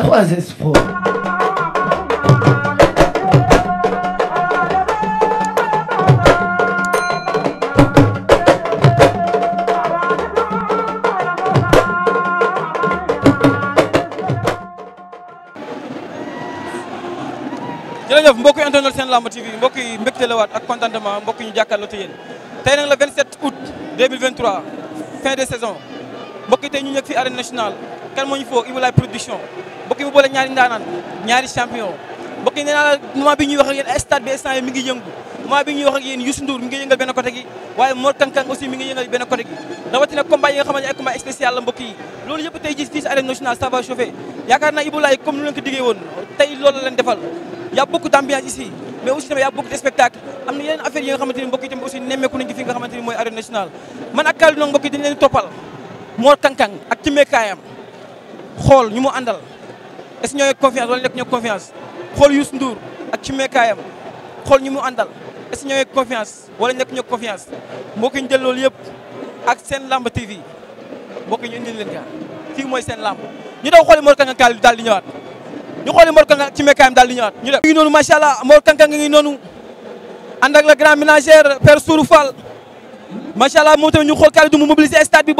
3S Pro. jërëjëf mbokk yi internet seen lamb TV mbokk yi mbégte la waat ak contentement mbokk yi ñu jàkkaarloo te yéen tey nag le 27 août 2023 fin de saison mbokk yi tey ñu nekk fi arène nationale kan moo ñu foo Ibou production mbokk bu boole ñaari ndaanaan ñaari champion mbokk yi nee naa la moment bi ñuy wax ak stade bi instant yi mi ngi yëngu moment bi ñuy wax ak yéen Youssou Ndour mi ngi yëngal benn côté gi waaye Mor Kang Kang aussi mi ngi yëngal benn côté gi rawatina combat yi nga ay combat spécial la loolu yëpp tey ji fii si arène nationale yaakaar naa Ibou comme nu leen ko diggee woon tey loolu la leen defal y'a beaucoup d'ambiance aussi tamit y'a est-ce que ñoo yegg confiance wala nekk ñoo confiance xool Youssou Ndour ak ci meekaayam xool ñu mu àndal est-ce que ñoo yegg confiance wala nekk ñoo confiance mbokk ñu jël loolu yëpp ak seen lamb TV mbokk ñu indil leen ka fii mooy seen lamb ñu daw xooli Mor Kang Kang daal di ñëwaat ñu xooli Mor Kang Kang ci meekaayam daal di ñëwaat ñu def ngi noonu macha allah Mor Kang Kang ngi noonu ànd ak la grand ménagère Père Sourou Fall macha allah moom tamit ñu xool kari du mu mobiliser stade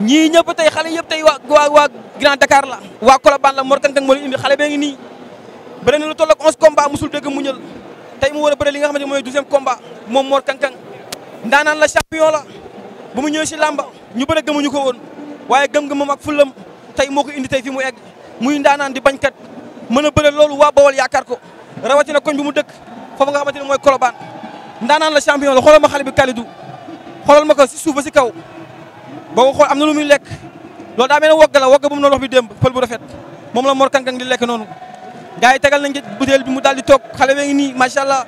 ñii ñëpp tey xale yëpp tey waa waa Grand Dakar la. waa Colobane la Mor Kang Kang moo indi xale bee ngi nii bëri na lu toll ak 11 combats musul dëgg muñal tey mu war a bëri li nga xamante ne mooy douzième combat moom Mor Kang Kang ndaanaan la champion la bu mu ñëwee si làmba ñu bëri gëmuñu ko woon waaye gëm-gëmam mag fulam tey moo ko indi tey fi mu egg muy ndaanaan di bañkat mën a bëri loolu waa Bawol yaakaar ko na koñ bi mu dëkk foofu nga xamante ne mooy Colobane ndaanaan la champion la ma xale bi Kalidou xoolal ma ko si si kaw boo ko xool am na lu muy lekk loolu daa mel ne wogga la wogga bu bi démb pël bu rafet moom la Mor Kankang di lekk noonu gars yi tegal nañ ci butéel bi mu daal di toog xale bee ngi nii macha allah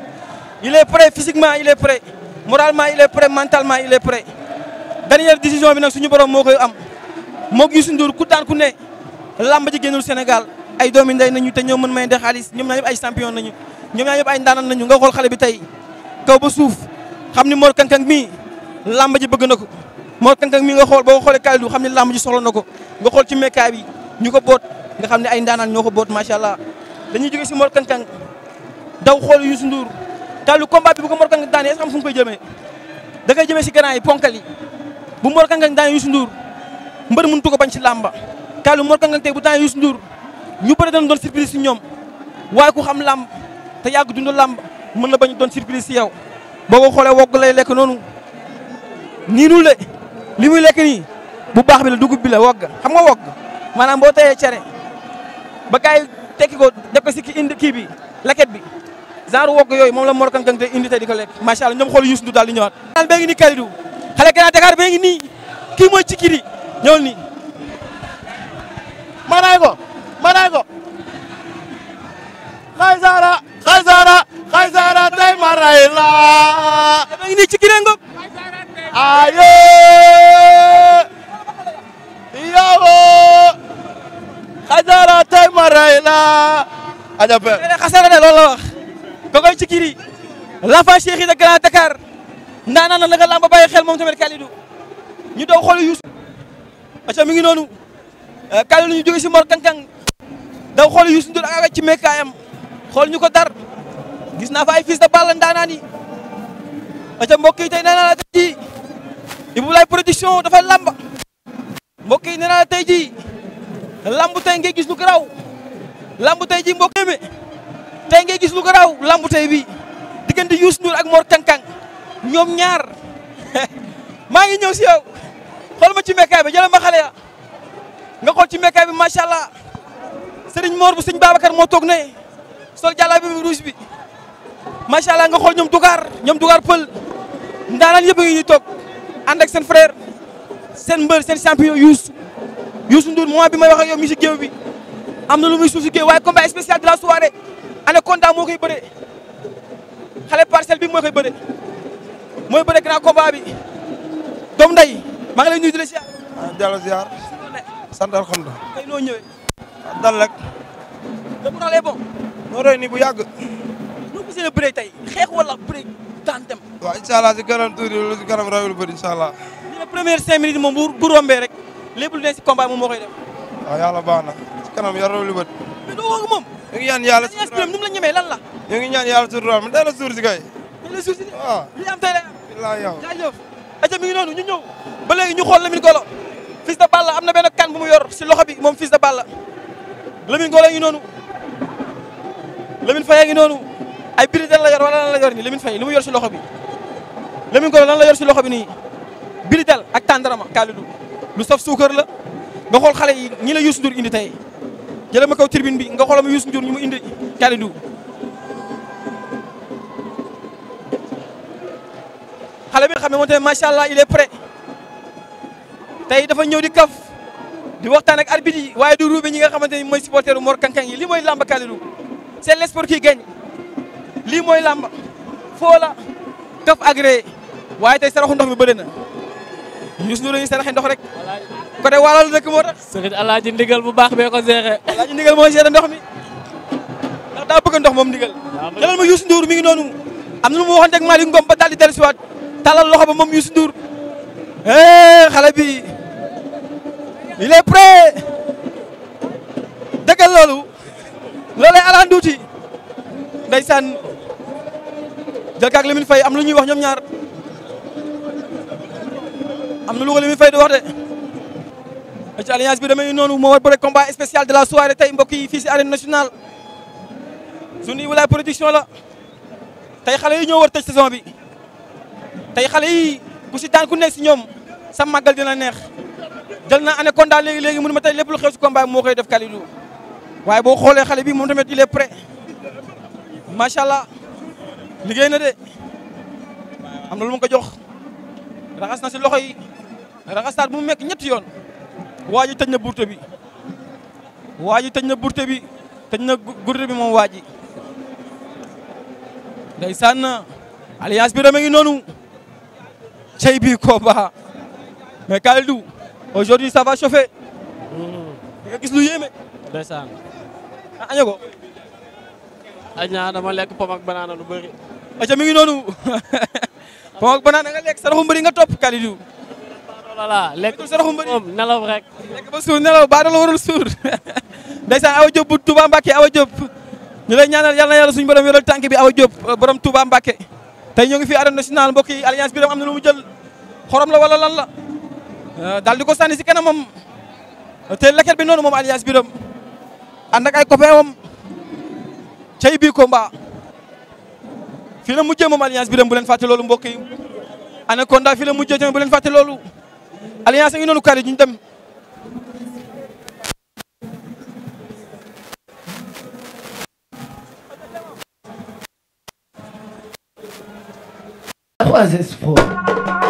il est prêt physiquement il est prêt moralement il est prêt mentalement il est prêt. dernière décision bi nag suñu borom moo koy am moog Youssou Ndour ku daan ku ne làmb ji génnul Sénégal ay doomi ndey nañu te ñoo mën may de xaalis ñoom ñaa ñëpp ay champion nañu ñoom ñaa ñëpp ay ndaanan nañu nga xale bi tey kaw ba suuf xam ni Mor Kankang mii làmb ji bëgg na ko. moo tënkak mi nga xool boo ko xoolee Kalidou xam ne làmb ji soxla na ko nga xool ci mekkaay bi ñu ko boot nga xam ne ay ndaanaan ñoo ko boot macha allah dañuy jóge si Mor Kang Kang daw xool Youssou Ndour Kalidou combat bi bu ko Mor Kang Kang daanee est-ce am fu mu koy jëmee da ngay si gànnaay yi ponkal yi bu Mor Kang Kang daanee Youssou Ndour mbër mëntu ko bañ si làmba Kalidou Mor Kang tey bu daanee Youssou Ndour ñu bëri dañ doon surprise si ñoom waaye ku xam làmb te yàgg dund làmb mën na bañ doon surprise si yow boo ko xoolee wogg lay lekk noonu nii nul li muy lekk nii bu baax bi dugub bi la wogg xam nga wogg maanaam boo tayee cere ba kaay tekki ko si ki indi kii bi leket bi genre wogg yooyu moom la Mor Kang Kang te indi tey di ko lekk macha allah ñoom xool Youssou Ndour daal di ñëwaat. daal bee ngi nii Kalidou xale Grand Dakar bee ngi nii kii mooy Cikiri ñëwal nii. manaay ko manaay ko. xaysaara xaysaara tey maray laa. bee ngi nii Cikiri Adja Père nee na xasee na ci kii di. l'enfant chéri de Grand Dakar. naan na la nga ba bàyyi xel moom tamit Kalidou. ñu daw xool Youssou. acca mi ngi noonu. Euh, Kalidou ñu jógee si Mor Kankang. daw xool Youssou Ndour ak ci mekkaayam. xool ñu ko dar. gis naa fa ay fils de Balla ndaanaan yi. acca mbokk yi tey nee naa la tey jii. Ibou production dafa làmb. mbokk yi nee naa la tey jii. làmb tey ngay gis lu garaaw. lamb tey ji mbokk yéeme tey ngay gis lu ko raw tey bi diggante Youssou Ndour ak Mor Kang ñoom ñaar maa ngi ñëw si xool ma ci mekkaay bi jëlal ma xale ya nga xool ci mekkaay bi macha allah sëriñ Mor bu sëñ Babacar moo toog ne sol jàllaa bi rouge bi macha allah nga xool ñoom dugaar ñoom dugaar pël ndaanaan yëpp ngi ñu toog ànd ak seen frère seen sen seen champion Youssou Youssou Ndour moment bi may wax ak yow mi si géew bi am na lu muy suufugee waaye combat spécial de la soirée Anaconda moo koy bëre xale parcelle bi moo koy bëre mooy bëre grand combat bi doom nday maa ngi lay nuyu di la ziar. waaw Diallo ziar. sant alhamdulilah. tey noo ñëwee. Ah, dal rek. le moral est bon. noo doy nii bu yàgg. noo gisee la bëree tey xeex wala bëree daan dem. waaw incha allah si kanam tuuti lu si kanam rawul bëri incha allah. ñu première cinq minutes moom bu bu rombee rek lépp lu ne si combat moom moo koy def. waaw yàlla baax na ci kanam yaroo lu bët mais doo woo moom ñu ngi ñaan yàlla suturam ñu la ñemee lan la ñu ngi ñaan yàlla suturam mu dala suur si kay dala suur si waaw li am tey la billahi yow jaajëf aja mi ngi noonu ñu ñëw ba léegi ñu xool Lamine Golo Fils de Balla am na benn kan bu mu yor si loxo bi moom Fils de Balla Lamine Golo ngi noonu Lamine Faye ngi noonu ay biritel la yor wala lan la yor nii Lamine Faye li mu yor si loxo bi Lamine Golo lan la yor si loxo bi nii biritel ak tàndarama kaalidu lu saf suukar la nga xool xale yi ñi la Youssou Ndour indi tey jëlee ma kaw tribune bi nga xoolal ma Youssou ñu mu indi Kalidou xale bi nga xam ne moom tamit macha allah il est prêt tey dafa ñëw di kaf di waxtaan ak arbitre yi waaye du ruube ñi nga xamante ni mooy supporteru Mor Kang Kang yi lii mooy làmb Kalidou c'est l'espoir ki gagne lii mooy làmb foo la kaf agréé waaye tey saraxu ndox mi bëri na. Youssou Ndour la ñuy ndox rek côté Waalo la dëkk moo tax. sëriñ Alaaji ndigal bu baax bee ko seexee. Alaaji ndigal mooy seere ndox mi ndax daa ndox moom ndigal. jëlal ma Youssou mi ngi noonu am na lu mu waxoon rek Malick Ngom ba daal di dellusiwaat talal loxo ba moom Youssou Ndour eh, xale bi il est prêt dëggal loolu loolay alaan duuti ndeysaan jël kaak Lamine Faye am lu ñuy wax ñoom ñaar. am na lu ko li muy fay di wax de. ci alliance bi damay noonu moo war bëre combat spécial de la soirée tey mbokk yi fii si arène nationale. suñu la tey xale yi ñoo war tëj saison bi tey xale yi ku si daan ku nekk si ñoom sa màggal a neex jël na année Konda léegi léegi mënu ma tey lépp lu xew si combat moo koy def Kalidou waaye boo xoolee xale bi moom tamit il est prêt macha allah liggéey na de am na lu mu ko jox raxas na si loxo yi. raxastaat bu mu mekk ñetti yoon waaji tañ na burte bi waa ji tëj na burte bi tëj na gurte bi moom waa ji ndeysaan alliance bi reme ngi noonu cey bi combat mais Kalidou aujourd'hui ça va chauffer di nga gis lu yéeme ndeysaan a ah, aña ko añ naa dama lekk pom ak banaana lu bëri aca mi ngi noonu pom ak banaana nga lekk saraxu mbëri nga topp Kalidou voilà lekk moom nelaw rek. lekk ba suur nelaw ba la suur ndeysaan Awa Diop bu Touba Mbacké Awa Diop ñu lay ñaanal yal na yàlla suñu borom yoral tànk bi Awa Diop euh, borom Touba Mbacké tey ñoo ngi fi arène nationale mbokk yi alliance bi am na lu mu jël xorom la wala lan la euh, daal di ko sànni si kanamam te leket bi noonu moom alliance bi doom ànd ak ay copainam cay bii combat fii la mujjee moom alliance bi doom bu leen fàtte loolu mbokk yi Anaconda fii la mujjee bu leen fàtte loolu. alliance a ngi noonu kari ñu dem trois espoirs